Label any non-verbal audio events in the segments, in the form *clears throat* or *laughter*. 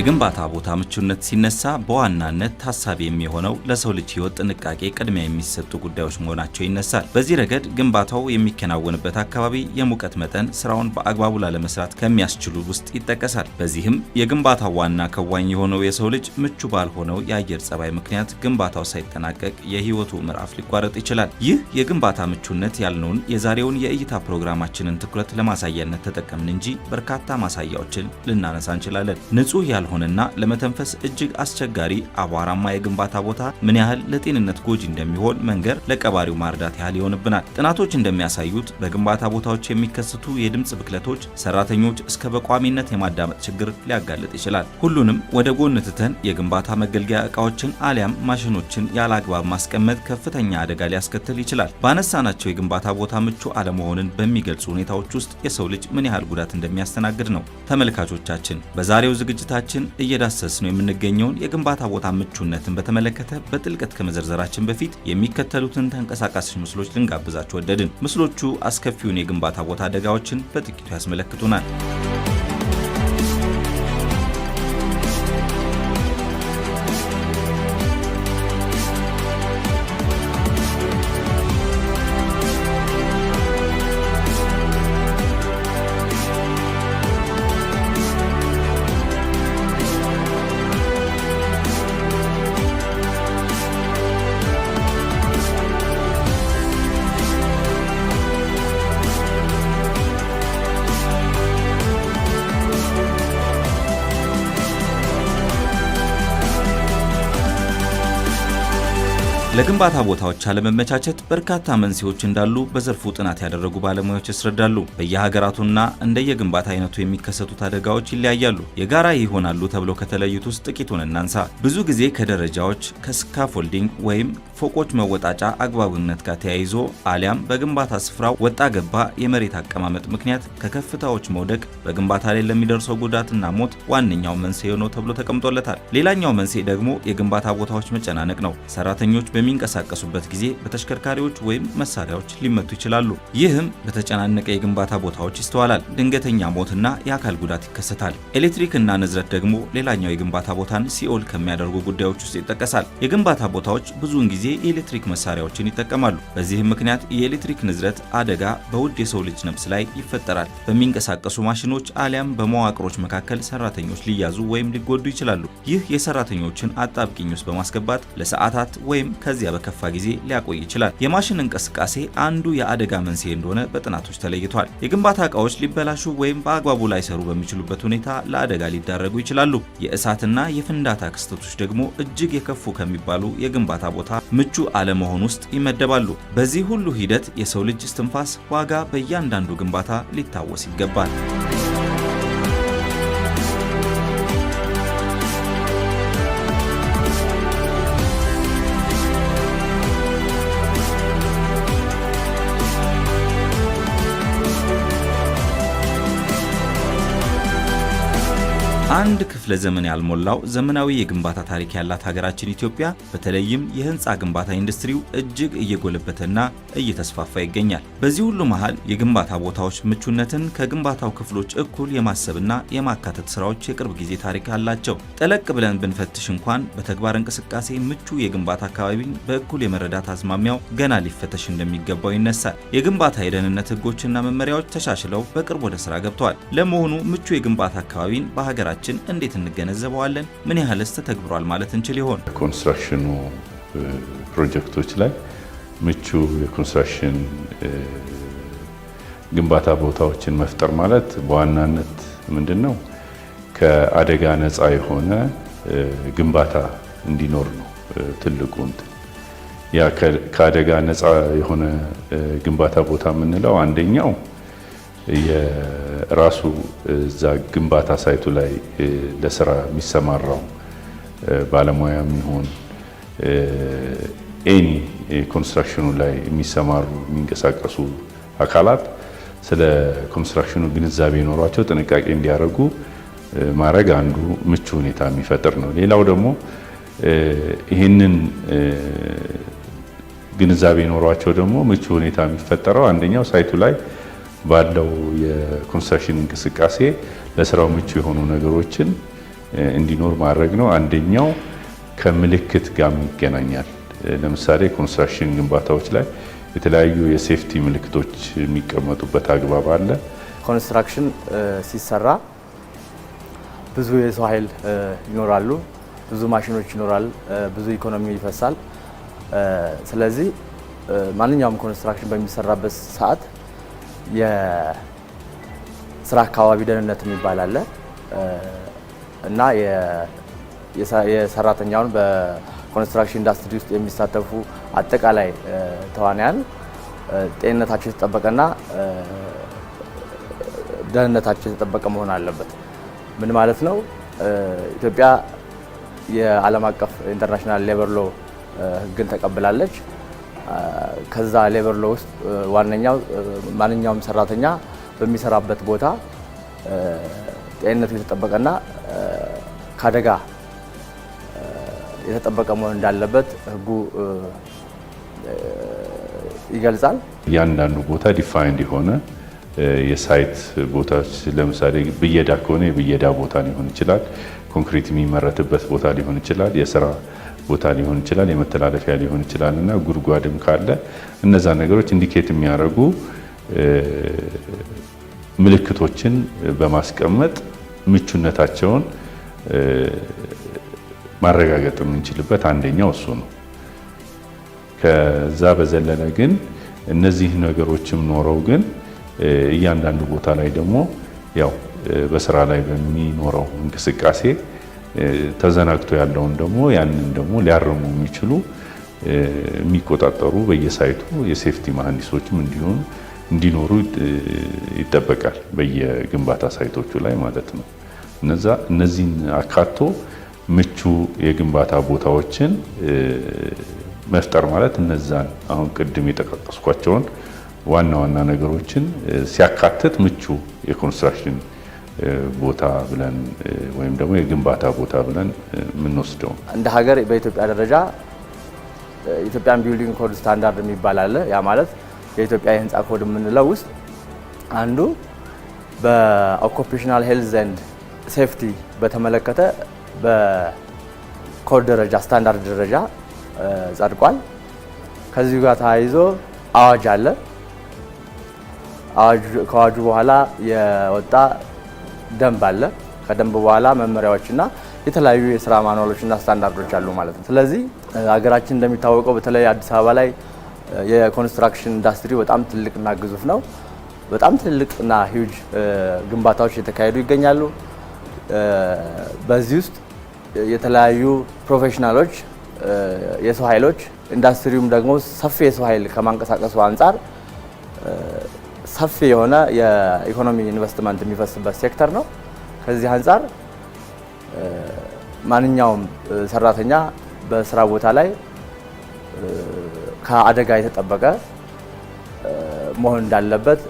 የግንባታ ቦታ ምቹነት ሲነሳ በዋናነት ታሳቢ የሚሆነው ለሰው ልጅ ሕይወት ጥንቃቄ ቅድሚያ የሚሰጡ ጉዳዮች መሆናቸው ይነሳል። በዚህ ረገድ ግንባታው የሚከናወንበት አካባቢ የሙቀት መጠን ስራውን በአግባቡ ላለመስራት ከሚያስችሉ ውስጥ ይጠቀሳል። በዚህም የግንባታው ዋና ከዋኝ የሆነው የሰው ልጅ ምቹ ባልሆነው የአየር ጸባይ ምክንያት ግንባታው ሳይጠናቀቅ የህይወቱ ምዕራፍ ሊቋረጥ ይችላል። ይህ የግንባታ ምቹነት ያልነውን የዛሬውን የእይታ ፕሮግራማችንን ትኩረት ለማሳያነት ተጠቀምን እንጂ በርካታ ማሳያዎችን ልናነሳ እንችላለን። ንጹህ ያልሆነ እንዳልሆነና ለመተንፈስ እጅግ አስቸጋሪ አቧራማ የግንባታ ቦታ ምን ያህል ለጤንነት ጎጂ እንደሚሆን መንገር ለቀባሪው ማርዳት ያህል ይሆንብናል። ጥናቶች እንደሚያሳዩት በግንባታ ቦታዎች የሚከሰቱ የድምፅ ብክለቶች ሰራተኞች እስከ በቋሚነት የማዳመጥ ችግር ሊያጋልጥ ይችላል። ሁሉንም ወደ ጎን ትተን የግንባታ መገልገያ እቃዎችን አሊያም ማሽኖችን ያለ አግባብ ማስቀመጥ ከፍተኛ አደጋ ሊያስከትል ይችላል። ባነሳናቸው የግንባታ ቦታ ምቹ አለመሆንን በሚገልጹ ሁኔታዎች ውስጥ የሰው ልጅ ምን ያህል ጉዳት እንደሚያስተናግድ ነው። ተመልካቾቻችን በዛሬው ዝግጅታችን ጉዳዮችን እየዳሰስ ነው የምንገኘውን የግንባታ ቦታ ምቹነትን በተመለከተ በጥልቀት ከመዘርዘራችን በፊት የሚከተሉትን ተንቀሳቃሽ ምስሎች ልንጋብዛችሁ ወደድን። ምስሎቹ አስከፊውን የግንባታ ቦታ አደጋዎችን በጥቂቱ ያስመለክቱናል። ለግንባታ ቦታዎች አለመመቻቸት በርካታ መንስኤዎች እንዳሉ በዘርፉ ጥናት ያደረጉ ባለሙያዎች ያስረዳሉ። በየሀገራቱና እንደየግንባታ አይነቱ የሚከሰቱት አደጋዎች ይለያያሉ። የጋራ ይሆናሉ ተብለው ከተለዩት ውስጥ ጥቂቱን እናንሳ። ብዙ ጊዜ ከደረጃዎች ከስካፎልዲንግ ወይም ፎቆች መወጣጫ አግባብነት ጋር ተያይዞ አሊያም በግንባታ ስፍራው ወጣ ገባ የመሬት አቀማመጥ ምክንያት ከከፍታዎች መውደቅ በግንባታ ላይ ለሚደርሰው ጉዳትና ሞት ዋነኛው መንስኤ ነው ተብሎ ተቀምጦለታል። ሌላኛው መንስኤ ደግሞ የግንባታ ቦታዎች መጨናነቅ ነው። ሰራተኞች በሚንቀሳቀሱበት ጊዜ በተሽከርካሪዎች ወይም መሳሪያዎች ሊመቱ ይችላሉ። ይህም በተጨናነቀ የግንባታ ቦታዎች ይስተዋላል። ድንገተኛ ሞትና የአካል ጉዳት ይከሰታል። እና ንዝረት ደግሞ ሌላኛው የግንባታ ቦታን ሲኦል ከሚያደርጉ ጉዳዮች ውስጥ ይጠቀሳል። የግንባታ ቦታዎች ብዙውን ጊዜ የኤሌክትሪክ መሳሪያዎችን ይጠቀማሉ። በዚህም ምክንያት የኤሌክትሪክ ንዝረት አደጋ በውድ የሰው ልጅ ነፍስ ላይ ይፈጠራል። በሚንቀሳቀሱ ማሽኖች አሊያም በመዋቅሮች መካከል ሰራተኞች ሊያዙ ወይም ሊጎዱ ይችላሉ። ይህ የሰራተኞችን አጣብቂኝ ውስጥ በማስገባት ለሰዓታት ወይም ከ ከዚያ በከፋ ጊዜ ሊያቆይ ይችላል። የማሽን እንቅስቃሴ አንዱ የአደጋ መንስኤ እንደሆነ በጥናቶች ተለይቷል። የግንባታ እቃዎች ሊበላሹ ወይም በአግባቡ ላይሰሩ በሚችሉበት ሁኔታ ለአደጋ ሊዳረጉ ይችላሉ። የእሳትና የፍንዳታ ክስተቶች ደግሞ እጅግ የከፉ ከሚባሉ የግንባታ ቦታ ምቹ አለመሆን ውስጥ ይመደባሉ። በዚህ ሁሉ ሂደት የሰው ልጅ እስትንፋስ ዋጋ በእያንዳንዱ ግንባታ ሊታወስ ይገባል። ክፍለ ዘመን ያልሞላው ዘመናዊ የግንባታ ታሪክ ያላት ሀገራችን ኢትዮጵያ በተለይም የህንፃ ግንባታ ኢንዱስትሪው እጅግ እየጎለበተና እየተስፋፋ ይገኛል። በዚህ ሁሉ መሃል የግንባታ ቦታዎች ምቹነትን ከግንባታው ክፍሎች እኩል የማሰብና የማካተት ስራዎች የቅርብ ጊዜ ታሪክ አላቸው። ጠለቅ ብለን ብንፈትሽ እንኳን በተግባር እንቅስቃሴ ምቹ የግንባታ አካባቢን በእኩል የመረዳት አዝማሚያው ገና ሊፈተሽ እንደሚገባው ይነሳል። የግንባታ የደህንነት ህጎችና መመሪያዎች ተሻሽለው በቅርብ ወደ ስራ ገብተዋል። ለመሆኑ ምቹ የግንባታ አካባቢን በሀገራችን እንዴት እንገነዘበዋለን? ምን ያህልስ ተተግብሯል ማለት እንችል ይሆን? ኮንስትራክሽኑ ፕሮጀክቶች ላይ ምቹ የኮንስትራክሽን ግንባታ ቦታዎችን መፍጠር ማለት በዋናነት ምንድን ነው ከአደጋ ነፃ የሆነ ግንባታ እንዲኖር ነው ትልቁ እንትን። ያ ከአደጋ ነፃ የሆነ ግንባታ ቦታ የምንለው አንደኛው የራሱ እዛ ግንባታ ሳይቱ ላይ ለስራ የሚሰማራው ባለሙያ ሆን ኤኒ ኮንስትራክሽኑ ላይ የሚሰማሩ የሚንቀሳቀሱ አካላት ስለ ኮንስትራክሽኑ ግንዛቤ ኖሯቸው ጥንቃቄ እንዲያደርጉ ማድረግ አንዱ ምቹ ሁኔታ የሚፈጥር ነው። ሌላው ደግሞ ይህንን ግንዛቤ ኖሯቸው ደግሞ ምቹ ሁኔታ የሚፈጠረው አንደኛው ሳይቱ ላይ ባለው የኮንስትራክሽን እንቅስቃሴ ለስራው ምቹ የሆኑ ነገሮችን እንዲኖር ማድረግ ነው። አንደኛው ከምልክት ጋር ይገናኛል። ለምሳሌ ኮንስትራክሽን ግንባታዎች ላይ የተለያዩ የሴፍቲ ምልክቶች የሚቀመጡበት አግባብ አለ። ኮንስትራክሽን ሲሰራ ብዙ የሰው ኃይል ይኖራሉ፣ ብዙ ማሽኖች ይኖራል፣ ብዙ ኢኮኖሚ ይፈሳል። ስለዚህ ማንኛውም ኮንስትራክሽን በሚሰራበት ሰዓት የስራ አካባቢ ደህንነት የሚባል አለ እና የሰራተኛውን በኮንስትራክሽን ኢንዱስትሪ ውስጥ የሚሳተፉ አጠቃላይ ተዋናያን ጤንነታቸው የተጠበቀና ደህንነታቸው የተጠበቀ መሆን አለበት። ምን ማለት ነው? ኢትዮጵያ የዓለም አቀፍ ኢንተርናሽናል ሌበር ሎ ህግን ተቀብላለች። ከዛ ሌበር ሎ ውስጥ ዋነኛው ማንኛውም ሰራተኛ በሚሰራበት ቦታ ጤንነቱ የተጠበቀና ከአደጋ የተጠበቀ መሆን እንዳለበት ህጉ ይገልጻል። እያንዳንዱ ቦታ ዲፋይንድ የሆነ የሳይት ቦታዎች ለምሳሌ ብየዳ ከሆነ የብየዳ ቦታ ሊሆን ይችላል። ኮንክሪት የሚመረትበት ቦታ ሊሆን ይችላል። የስራ ቦታ ሊሆን ይችላል፣ የመተላለፊያ ሊሆን ይችላል እና ጉድጓድም ካለ እነዛ ነገሮች ኢንዲኬት የሚያደርጉ ምልክቶችን በማስቀመጥ ምቹነታቸውን ማረጋገጥ የምንችልበት አንደኛው እሱ ነው። ከዛ በዘለለ ግን እነዚህ ነገሮችም ኖረው ግን እያንዳንዱ ቦታ ላይ ደግሞ ያው በስራ ላይ በሚኖረው እንቅስቃሴ ተዘናግቶ ያለውን ደግሞ ያንን ደግሞ ሊያርሙ የሚችሉ የሚቆጣጠሩ በየሳይቱ የሴፍቲ መሀንዲሶችም እንዲሁን እንዲኖሩ ይጠበቃል። በየግንባታ ሳይቶቹ ላይ ማለት ነው። እነዛ እነዚህን አካቶ ምቹ የግንባታ ቦታዎችን መፍጠር ማለት እነዛን አሁን ቅድም የጠቃቀስኳቸውን ዋና ዋና ነገሮችን ሲያካትት ምቹ የኮንስትራክሽን ቦታ ብለን ወይም ደግሞ የግንባታ ቦታ ብለን የምንወስደው እንደ ሀገር በኢትዮጵያ ደረጃ ኢትዮጵያን ቢልዲንግ ኮድ ስታንዳርድ የሚባል አለ። ያ ማለት የኢትዮጵያ የህንፃ ኮድ የምንለው ውስጥ አንዱ በኦኩፔሽናል ሄልዝ ኤንድ ሴፍቲ በተመለከተ በኮድ ደረጃ ስታንዳርድ ደረጃ ጸድቋል። ከዚሁ ጋር ተያይዞ አዋጅ አለ። ከአዋጁ በኋላ የወጣ ደንብ አለ። ከደንብ በኋላ መመሪያዎችና የተለያዩ የስራ ማንዋሎችና ስታንዳርዶች አሉ ማለት ነው። ስለዚህ ሀገራችን እንደሚታወቀው በተለይ አዲስ አበባ ላይ የኮንስትራክሽን ኢንዱስትሪ በጣም ትልቅና ግዙፍ ነው። በጣም ትልቅና ሂውጅ ግንባታዎች እየተካሄዱ ይገኛሉ። በዚህ ውስጥ የተለያዩ ፕሮፌሽናሎች፣ የሰው ኃይሎች ኢንዱስትሪውም ደግሞ ሰፊ የሰው ኃይል ከማንቀሳቀሱ አንጻር ሰፊ የሆነ የኢኮኖሚ ኢንቨስትመንት የሚፈስበት ሴክተር ነው። ከዚህ አንጻር ማንኛውም ሰራተኛ በስራ ቦታ ላይ ከአደጋ የተጠበቀ መሆን እንዳለበት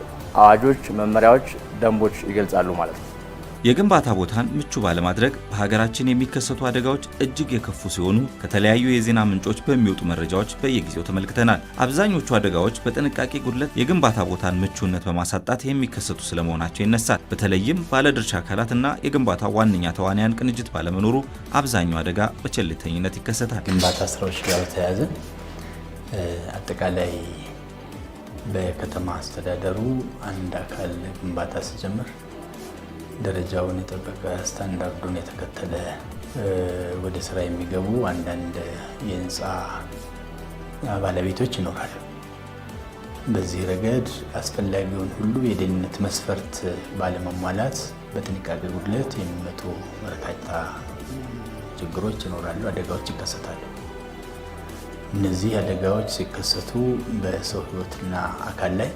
አዋጆች፣ መመሪያዎች፣ ደንቦች ይገልጻሉ ማለት ነው። የግንባታ ቦታን ምቹ ባለማድረግ በሀገራችን የሚከሰቱ አደጋዎች እጅግ የከፉ ሲሆኑ ከተለያዩ የዜና ምንጮች በሚወጡ መረጃዎች በየጊዜው ተመልክተናል። አብዛኞቹ አደጋዎች በጥንቃቄ ጉድለት የግንባታ ቦታን ምቹነት በማሳጣት የሚከሰቱ ስለመሆናቸው ይነሳል። በተለይም ባለድርሻ አካላትና የግንባታ ዋነኛ ተዋንያን ቅንጅት ባለመኖሩ አብዛኛው አደጋ በቸልተኝነት ይከሰታል። ግንባታ ስራዎች ጋር ተያያዘ አጠቃላይ በከተማ አስተዳደሩ አንድ አካል ግንባታ ሲጀምር ደረጃውን የጠበቀ ስታንዳርዱን የተከተለ ወደ ስራ የሚገቡ አንዳንድ የህንፃ ባለቤቶች ይኖራል። በዚህ ረገድ አስፈላጊውን ሁሉ የደህንነት መስፈርት ባለመሟላት በጥንቃቄ ጉድለት የሚመጡ በርካታ ችግሮች ይኖራሉ፣ አደጋዎች ይከሰታሉ። እነዚህ አደጋዎች ሲከሰቱ በሰው ህይወትና አካል ላይ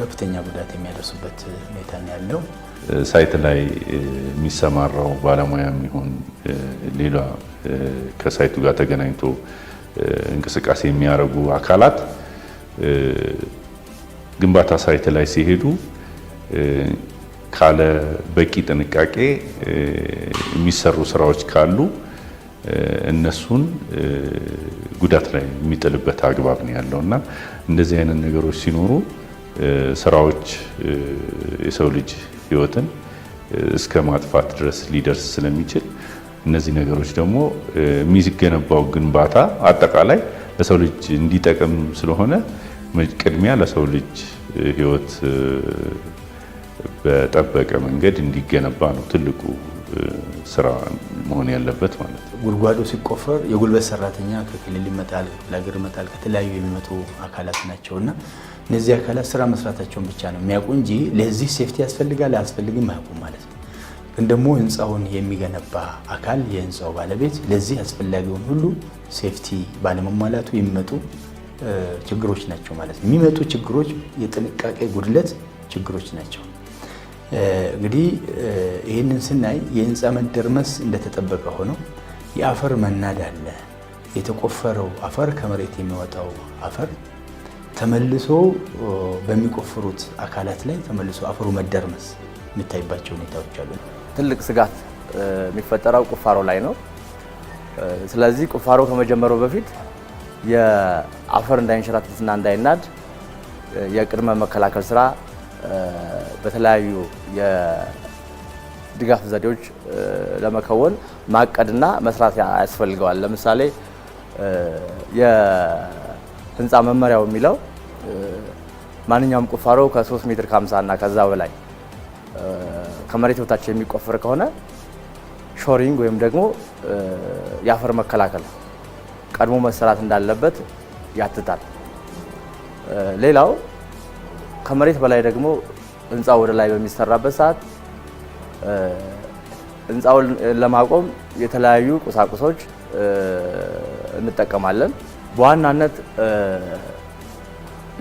ከፍተኛ ጉዳት የሚያደርሱበት ሁኔታ ነው ያለው። ሳይት ላይ የሚሰማራው ባለሙያ የሚሆን ሌላ ከሳይቱ ጋር ተገናኝቶ እንቅስቃሴ የሚያደርጉ አካላት ግንባታ ሳይት ላይ ሲሄዱ ካለ በቂ ጥንቃቄ የሚሰሩ ስራዎች ካሉ እነሱን ጉዳት ላይ የሚጥልበት አግባብ ነው ያለው እና እንደዚህ አይነት ነገሮች ሲኖሩ ስራዎች የሰው ልጅ ህይወትን እስከ ማጥፋት ድረስ ሊደርስ ስለሚችል እነዚህ ነገሮች ደግሞ የሚገነባው ግንባታ አጠቃላይ ለሰው ልጅ እንዲጠቅም ስለሆነ ቅድሚያ ለሰው ልጅ ህይወት በጠበቀ መንገድ እንዲገነባ ነው ትልቁ ስራ መሆን ያለበት ማለት ነው። ጉድጓዱ ሲቆፈር የጉልበት ሰራተኛ ከክልል ይመጣል፣ ለሀገር ይመጣል፣ ከተለያዩ የሚመጡ አካላት ናቸው እና እነዚህ አካላት ስራ መስራታቸውን ብቻ ነው የሚያውቁ እንጂ ለዚህ ሴፍቲ ያስፈልጋል አያስፈልግም አያውቁም ማለት ነው። ግን ደግሞ ህንፃውን የሚገነባ አካል የህንፃው ባለቤት ለዚህ አስፈላጊውን ሁሉ ሴፍቲ ባለመሟላቱ የሚመጡ ችግሮች ናቸው ማለት ነው። የሚመጡ ችግሮች የጥንቃቄ ጉድለት ችግሮች ናቸው። እንግዲህ ይህንን ስናይ የህንፃ መደርመስ እንደተጠበቀ ሆኖ የአፈር መናድ አለ። የተቆፈረው አፈር ከመሬት የሚወጣው አፈር ተመልሶ በሚቆፍሩት አካላት ላይ ተመልሶ አፈሩ መደርመስ የሚታይባቸው ሁኔታዎች አሉ። ትልቅ ስጋት የሚፈጠረው ቁፋሮ ላይ ነው። ስለዚህ ቁፋሮ ከመጀመሩ በፊት የአፈር እንዳይንሸራትትና እንዳይናድ የቅድመ መከላከል ስራ በተለያዩ የድጋፍ ዘዴዎች ለመከወን ማቀድና መስራት ያስፈልገዋል። ለምሳሌ የህንፃ መመሪያው የሚለው ማንኛውም ቁፋሮ ከ3 ሜትር ከ50 እና ከዛ በላይ ከመሬት በታች የሚቆፍር ከሆነ ሾሪንግ ወይም ደግሞ የአፈር መከላከል ቀድሞ መሰራት እንዳለበት ያትታል። ሌላው ከመሬት በላይ ደግሞ ህንፃ ወደ ላይ በሚሰራበት ሰዓት ህንፃውን ለማቆም የተለያዩ ቁሳቁሶች እንጠቀማለን። በዋናነት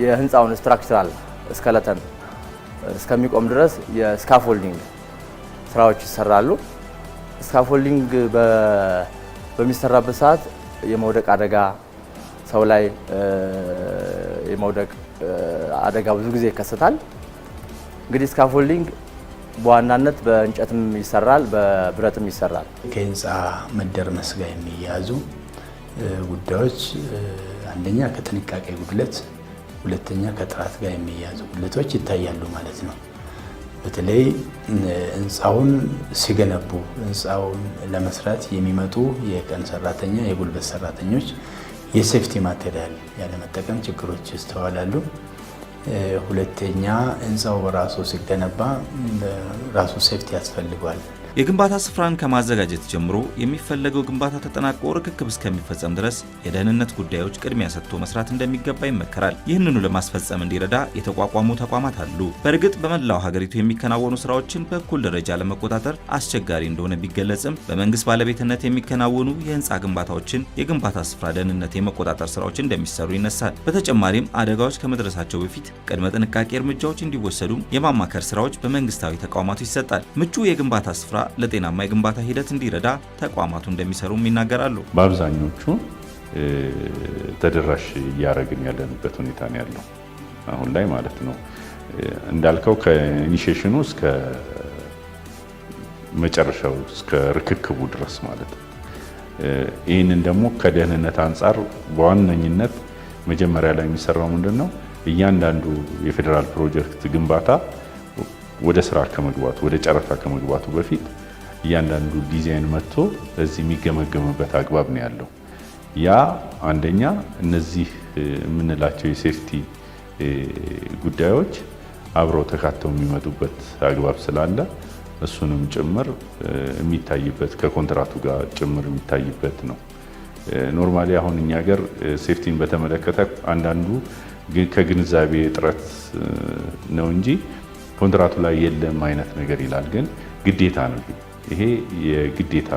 የህንፃውን ስትራክቸራል እስከለተን እስከሚቆም ድረስ የስካፎልዲንግ ስራዎች ይሰራሉ። ስካፎልዲንግ በሚሰራበት ሰዓት የመውደቅ አደጋ ሰው ላይ የመውደቅ አደጋ ብዙ ጊዜ ይከሰታል። እንግዲህ ስካፎልዲንግ በዋናነት በእንጨትም ይሰራል፣ በብረትም ይሰራል። ከህንፃ መደርመስ ጋር የሚያያዙ ጉዳዮች አንደኛ ከጥንቃቄ ጉድለት፣ ሁለተኛ ከጥራት ጋር የሚያያዙ ጉድለቶች ይታያሉ ማለት ነው። በተለይ ህንፃውን ሲገነቡ ህንፃውን ለመስራት የሚመጡ የቀን ሰራተኛ፣ የጉልበት ሰራተኞች የሴፍቲ ማቴሪያል ያለመጠቀም ችግሮች ይስተዋላሉ። ሁለተኛ ህንፃው በራሱ ሲገነባ ራሱ ሴፍቲ ያስፈልጓል። የግንባታ ስፍራን ከማዘጋጀት ጀምሮ የሚፈለገው ግንባታ ተጠናቆ ርክክብ እስከሚፈጸም ድረስ የደህንነት ጉዳዮች ቅድሚያ ሰጥቶ መስራት እንደሚገባ ይመከራል። ይህንኑ ለማስፈጸም እንዲረዳ የተቋቋሙ ተቋማት አሉ። በእርግጥ በመላው ሀገሪቱ የሚከናወኑ ስራዎችን በእኩል ደረጃ ለመቆጣጠር አስቸጋሪ እንደሆነ ቢገለጽም በመንግስት ባለቤትነት የሚከናወኑ የህንፃ ግንባታዎችን የግንባታ ስፍራ ደህንነት የመቆጣጠር ስራዎች እንደሚሰሩ ይነሳል። በተጨማሪም አደጋዎች ከመድረሳቸው በፊት ቅድመ ጥንቃቄ እርምጃዎች እንዲወሰዱም የማማከር ስራዎች በመንግስታዊ ተቋማቱ ይሰጣል። ምቹ የግንባታ ስፍራ ለጤናማ የግንባታ ሂደት እንዲረዳ ተቋማቱ እንደሚሰሩም ይናገራሉ። በአብዛኞቹ ተደራሽ እያደረግን ያለንበት ሁኔታ ነው ያለው አሁን ላይ ማለት ነው። እንዳልከው ከኢኒሽሽኑ እስከ መጨረሻው እስከ ርክክቡ ድረስ ማለት ነው። ይህንን ደግሞ ከደህንነት አንጻር በዋነኝነት መጀመሪያ ላይ የሚሰራው ምንድን ነው? እያንዳንዱ የፌዴራል ፕሮጀክት ግንባታ ወደ ስራ ከመግባቱ ወደ ጨረታ ከመግባቱ በፊት እያንዳንዱ ዲዛይን መጥቶ እዚህ የሚገመገምበት አግባብ ነው ያለው። ያ አንደኛ እነዚህ የምንላቸው የሴፍቲ ጉዳዮች አብረው ተካተው የሚመጡበት አግባብ ስላለ እሱንም ጭምር የሚታይበት ከኮንትራቱ ጋር ጭምር የሚታይበት ነው። ኖርማሊ አሁን እኛ ሀገር ሴፍቲን በተመለከተ አንዳንዱ ከግንዛቤ እጥረት ነው እንጂ ኮንትራቱ ላይ የለም አይነት ነገር ይላል። ግን ግዴታ ነው። ይሄ የግዴታ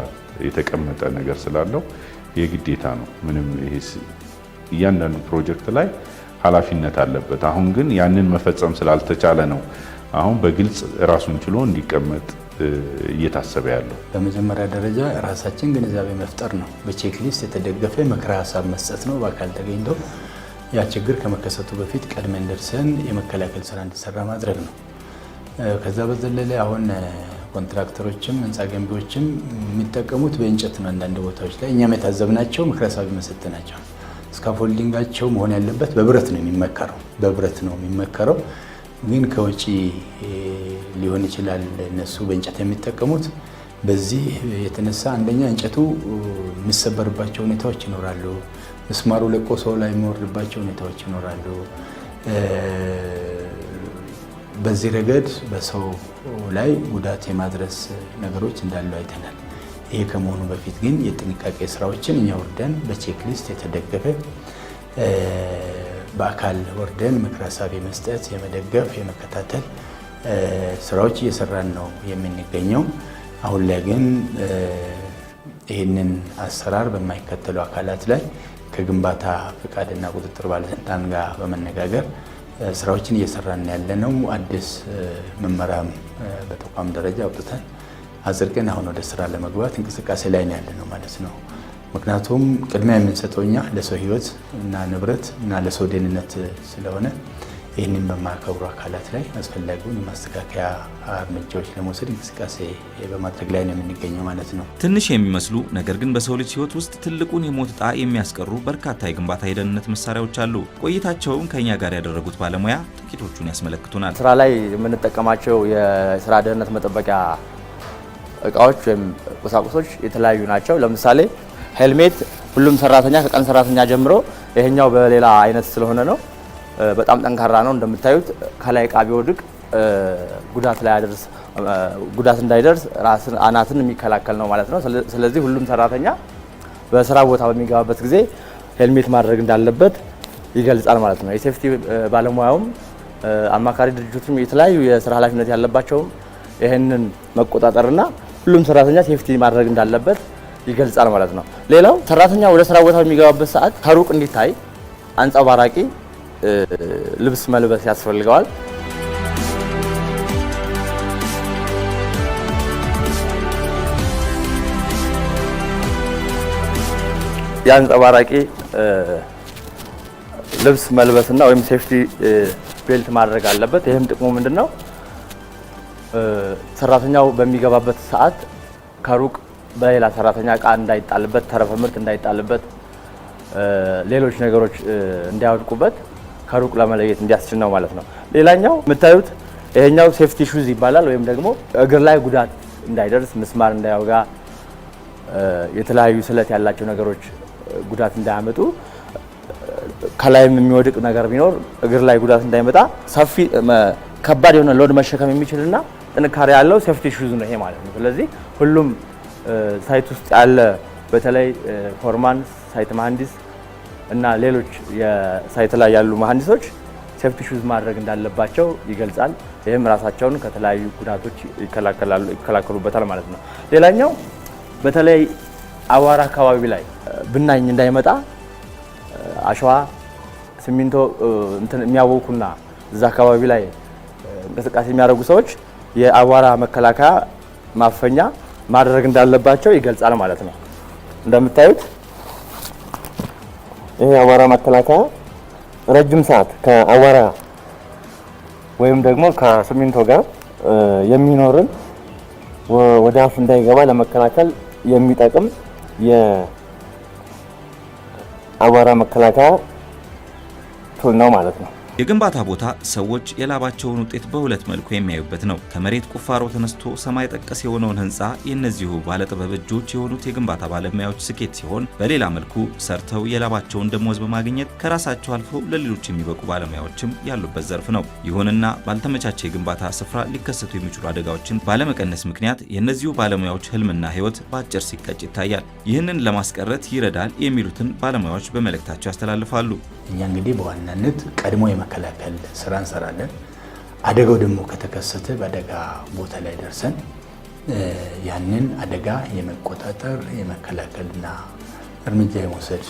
የተቀመጠ ነገር ስላለው የግዴታ ነው። ምንም ይሄ እያንዳንዱ ፕሮጀክት ላይ ኃላፊነት አለበት። አሁን ግን ያንን መፈጸም ስላልተቻለ ነው አሁን በግልጽ ራሱን ችሎ እንዲቀመጥ እየታሰበ ያለው በመጀመሪያ ደረጃ ራሳችን ግንዛቤ መፍጠር ነው። በቼክሊስት የተደገፈ ምክረ ሀሳብ መስጠት ነው። በአካል ተገኝተው ያ ችግር ከመከሰቱ በፊት ቀድመን ደርሰን የመከላከል ስራ እንዲሰራ ማድረግ ነው። ከዛ በዘለለ አሁን ኮንትራክተሮችም ህንፃ ገንቢዎችም የሚጠቀሙት በእንጨት ነው። አንዳንድ ቦታዎች ላይ እኛም የታዘብናቸው ምክረ ሃሳብ መሰጥ ናቸው። ስካፎልዲንጋቸው መሆን ያለበት በብረት ነው የሚመከረው በብረት ነው የሚመከረው ግን ከውጪ ሊሆን ይችላል እነሱ በእንጨት የሚጠቀሙት። በዚህ የተነሳ አንደኛ እንጨቱ የሚሰበርባቸው ሁኔታዎች ይኖራሉ። ምስማሩ ለቆ ሰው ላይ የሚወርድባቸው ሁኔታዎች ይኖራሉ። በዚህ ረገድ በሰው ላይ ጉዳት የማድረስ ነገሮች እንዳሉ አይተናል። ይሄ ከመሆኑ በፊት ግን የጥንቃቄ ስራዎችን እኛ ወርደን በቼክሊስት የተደገፈ በአካል ወርደን ምክር ሀሳብ የመስጠት የመደገፍ፣ የመከታተል ስራዎች እየሰራን ነው የምንገኘው። አሁን ላይ ግን ይህንን አሰራር በማይከተሉ አካላት ላይ ከግንባታ ፍቃድና ቁጥጥር ባለስልጣን ጋር በመነጋገር ስራዎችን እየሰራን ያለነው አዲስ መመሪያም በተቋም ደረጃ አውጥተን አጽድቀን አሁን ወደ ስራ ለመግባት እንቅስቃሴ ላይ ነው ማለት ነው። ምክንያቱም ቅድሚያ የምንሰጠው እኛ ለሰው ህይወት እና ንብረት እና ለሰው ደህንነት ስለሆነ ይህንን በማያከብሩ አካላት ላይ አስፈላጊውን የማስተካከያ እርምጃዎች ለመውሰድ እንቅስቃሴ በማድረግ ላይ ነው የምንገኘው ማለት ነው። ትንሽ የሚመስሉ ነገር ግን በሰው ልጅ ሕይወት ውስጥ ትልቁን የሞት ዕጣ የሚያስቀሩ በርካታ የግንባታ የደህንነት መሳሪያዎች አሉ። ቆይታቸውን ከእኛ ጋር ያደረጉት ባለሙያ ጥቂቶቹን ያስመለክቱናል። ስራ ላይ የምንጠቀማቸው የስራ ደህንነት መጠበቂያ እቃዎች ወይም ቁሳቁሶች የተለያዩ ናቸው። ለምሳሌ ሄልሜት ሁሉም ሰራተኛ ከቀን ሰራተኛ ጀምሮ ይሄኛው በሌላ አይነት ስለሆነ ነው በጣም ጠንካራ ነው። እንደምታዩት ከላይ እቃ ቢወድቅ ጉዳት ላይ ጉዳት እንዳይደርስ ራስን አናትን የሚከላከል ነው ማለት ነው። ስለዚህ ሁሉም ሰራተኛ በስራ ቦታ በሚገባበት ጊዜ ሄልሜት ማድረግ እንዳለበት ይገልጻል ማለት ነው። የሴፍቲ ባለሙያውም አማካሪ ድርጅቱም የተለያዩ የስራ ኃላፊነት ያለባቸውም ይህንን መቆጣጠርና ሁሉም ሰራተኛ ሴፍቲ ማድረግ እንዳለበት ይገልጻል ማለት ነው። ሌላው ሰራተኛ ወደ ስራ ቦታ በሚገባበት ሰዓት ከሩቅ እንዲታይ አንጸባራቂ ልብስ መልበስ ያስፈልገዋል። የአንጸባራቂ ልብስ መልበስና ወይም ሴፍቲ ቤልት ማድረግ አለበት። ይህም ጥቅሙ ምንድን ነው? ሰራተኛው በሚገባበት ሰዓት ከሩቅ በሌላ ሰራተኛ እቃ እንዳይጣልበት፣ ተረፈ ምርት እንዳይጣልበት፣ ሌሎች ነገሮች እንዳያወድቁበት ከሩቅ ለመለየት እንዲያስችል ነው ማለት ነው። ሌላኛው የምታዩት ይሄኛው ሴፍቲ ሹዝ ይባላል። ወይም ደግሞ እግር ላይ ጉዳት እንዳይደርስ ምስማር እንዳያወጋ፣ የተለያዩ ስለት ያላቸው ነገሮች ጉዳት እንዳያመጡ፣ ከላይም የሚወድቅ ነገር ቢኖር እግር ላይ ጉዳት እንዳይመጣ ሰፊ ከባድ የሆነ ሎድ መሸከም የሚችልና ጥንካሬ ያለው ሴፍቲ ሹዝ ነው ይሄ ማለት ነው። ስለዚህ ሁሉም ሳይት ውስጥ ያለ በተለይ ፎርማን ሳይት መሀንዲስ እና ሌሎች የሳይት ላይ ያሉ መሐንዲሶች ሴፍቲ ሹዝ ማድረግ እንዳለባቸው ይገልጻል። ይህም ራሳቸውን ከተለያዩ ጉዳቶች ይከላከሉበታል ማለት ነው። ሌላኛው በተለይ አቧራ አካባቢ ላይ ብናኝ እንዳይመጣ አሸዋ፣ ሲሚንቶ የሚያወቁና እዛ አካባቢ ላይ እንቅስቃሴ የሚያደርጉ ሰዎች የአቧራ መከላከያ ማፈኛ ማድረግ እንዳለባቸው ይገልጻል ማለት ነው። እንደምታዩት ይሄ አቧራ መከላከያ ረጅም ሰዓት ከአቧራ ወይም ደግሞ ከሲሚንቶ ጋር የሚኖርን ወደ አፍ እንዳይገባ ለመከላከል የሚጠቅም የአቧራ መከላከያ ቱል ነው ማለት ነው። የግንባታ ቦታ ሰዎች የላባቸውን ውጤት በሁለት መልኩ የሚያዩበት ነው። ከመሬት ቁፋሮ ተነስቶ ሰማይ ጠቀስ የሆነውን ህንፃ የእነዚሁ ባለጥበብ እጆች የሆኑት የግንባታ ባለሙያዎች ስኬት ሲሆን፣ በሌላ መልኩ ሰርተው የላባቸውን ደሞዝ በማግኘት ከራሳቸው አልፈው ለሌሎች የሚበቁ ባለሙያዎችም ያሉበት ዘርፍ ነው። ይሁንና ባልተመቻቸ የግንባታ ስፍራ ሊከሰቱ የሚችሉ አደጋዎችን ባለመቀነስ ምክንያት የእነዚሁ ባለሙያዎች ህልምና ህይወት በአጭር ሲቀጭ ይታያል። ይህንን ለማስቀረት ይረዳል የሚሉትን ባለሙያዎች በመልእክታቸው ያስተላልፋሉ። እኛ እንግዲህ በዋናነት ቀድሞ መከላከል ስራ እንሰራለን። አደጋው ደግሞ ከተከሰተ በአደጋ ቦታ ላይ ደርሰን ያንን አደጋ የመቆጣጠር የመከላከልና እርምጃ የመውሰድ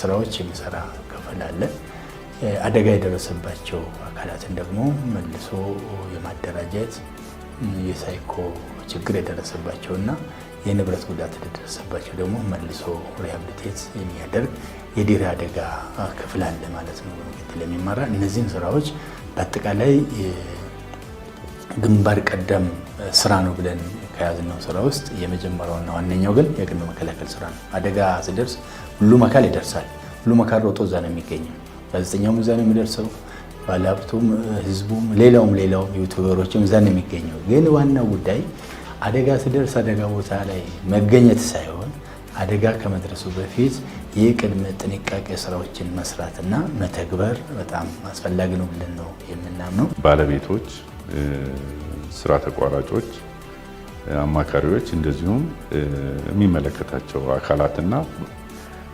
ስራዎች የሚሰራ ክፍል አለ። አደጋ የደረሰባቸው አካላትን ደግሞ መልሶ የማደራጀት የሳይኮ ችግር የደረሰባቸውና የንብረት ጉዳት የደረሰባቸው ደግሞ መልሶ ሪሃብሊቴት የሚያደርግ የድህረ አደጋ ክፍል አለ ማለት ነው። በምክትል የሚመራ እነዚህን ስራዎች በአጠቃላይ ግንባር ቀደም ስራ ነው ብለን ከያዝነው ስራ ውስጥ የመጀመሪያውና ዋነኛው ግን የቅድመ መከላከል ስራ ነው። አደጋ ሲደርስ ሁሉም አካል ይደርሳል። ሁሉም አካል ሮጦ እዛ ነው የሚገኘው። ጋዜጠኛውም እዛ ነው የሚደርሰው፣ ባለሀብቱም፣ ህዝቡም፣ ሌላውም ሌላውም ዩቱበሮችም እዛ ነው የሚገኘው። ግን ዋናው ጉዳይ አደጋ ሲደርስ አደጋ ቦታ ላይ መገኘት ሳይሆን አደጋ ከመድረሱ በፊት የቅድመ ጥንቃቄ ስራዎችን መስራትና መተግበር በጣም አስፈላጊ ነው ብለን ነው የምናምነው። ባለቤቶች፣ ስራ ተቋራጮች፣ አማካሪዎች እንደዚሁም የሚመለከታቸው አካላትና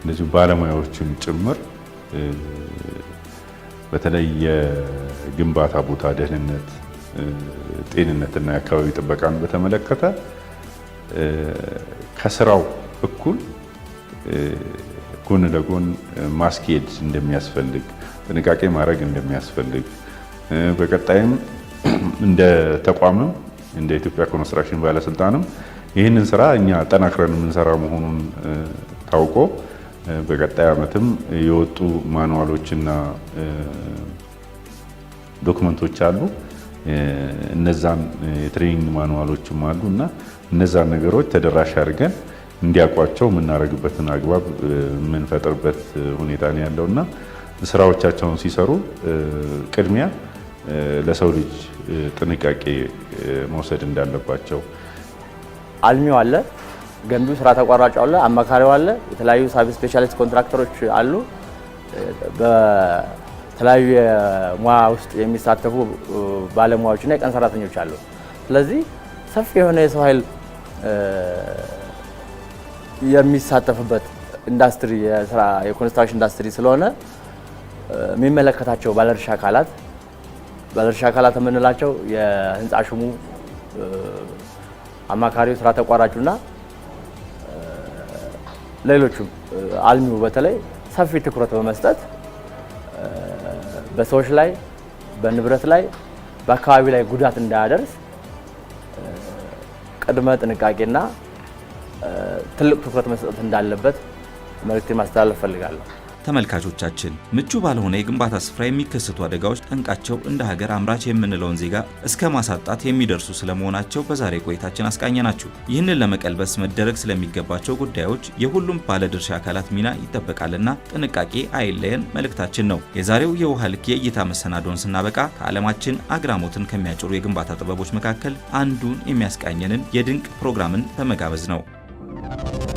እንደዚሁም ባለሙያዎችን ጭምር በተለይ የግንባታ ቦታ ደህንነት፣ ጤንነትና የአካባቢ ጥበቃን በተመለከተ ከስራው እኩል ጎን ለጎን ማስኬድ እንደሚያስፈልግ ጥንቃቄ ማድረግ እንደሚያስፈልግ በቀጣይም *clears throat* እንደ ተቋምም እንደ ኢትዮጵያ ኮንስትራክሽን ባለስልጣንም ይህንን ስራ እኛ ጠናክረን የምንሰራ መሆኑን ታውቆ በቀጣይ ዓመትም የወጡ ማኑዋሎችና ዶክመንቶች አሉ። እነዛን የትሬኒንግ ማኑዋሎችም አሉ እና እነዛን ነገሮች ተደራሽ አድርገን እንዲያውቋቸው የምናደርግበትን አግባብ የምንፈጥርበት ሁኔታ ነው ያለው እና ስራዎቻቸውን ሲሰሩ ቅድሚያ ለሰው ልጅ ጥንቃቄ መውሰድ እንዳለባቸው አልሚው አለ፣ ገንቢው ስራ ተቋራጭ አለ፣ አማካሪው አለ፣ የተለያዩ ሳብ ስፔሻሊስት ኮንትራክተሮች አሉ። በተለያዩ የሙያ ውስጥ የሚሳተፉ ባለሙያዎችና የቀን ሰራተኞች አሉ። ስለዚህ ሰፊ የሆነ የሰው ኃይል የሚሳተፍበት ኢንዱስትሪ የስራ የኮንስትራክሽን ኢንዱስትሪ ስለሆነ የሚመለከታቸው ባለድርሻ አካላት ባለድርሻ አካላት የምንላቸው የህንፃ ሹሙ፣ አማካሪው፣ ስራ ተቋራጩና ሌሎቹም አልሚው በተለይ ሰፊ ትኩረት በመስጠት በሰዎች ላይ በንብረት ላይ በአካባቢ ላይ ጉዳት እንዳያደርስ ቅድመ ጥንቃቄና ትልቅ ትኩረት መስጠት እንዳለበት መልእክቴን ማስተላለፍ ፈልጋለሁ። ተመልካቾቻችን ምቹ ባልሆነ የግንባታ ስፍራ የሚከሰቱ አደጋዎች ጠንቃቸው እንደ ሀገር አምራች የምንለውን ዜጋ እስከ ማሳጣት የሚደርሱ ስለመሆናቸው በዛሬ ቆይታችን አስቃኘናችሁ። ይህንን ለመቀልበስ መደረግ ስለሚገባቸው ጉዳዮች የሁሉም ባለድርሻ አካላት ሚና ይጠበቃልና ጥንቃቄ አይለየን መልእክታችን ነው። የዛሬው የውሃ ልክ የእይታ መሰናዶን ስናበቃ ከዓለማችን አግራሞትን ከሚያጭሩ የግንባታ ጥበቦች መካከል አንዱን የሚያስቃኘንን የድንቅ ፕሮግራምን በመጋበዝ ነው። Thank you.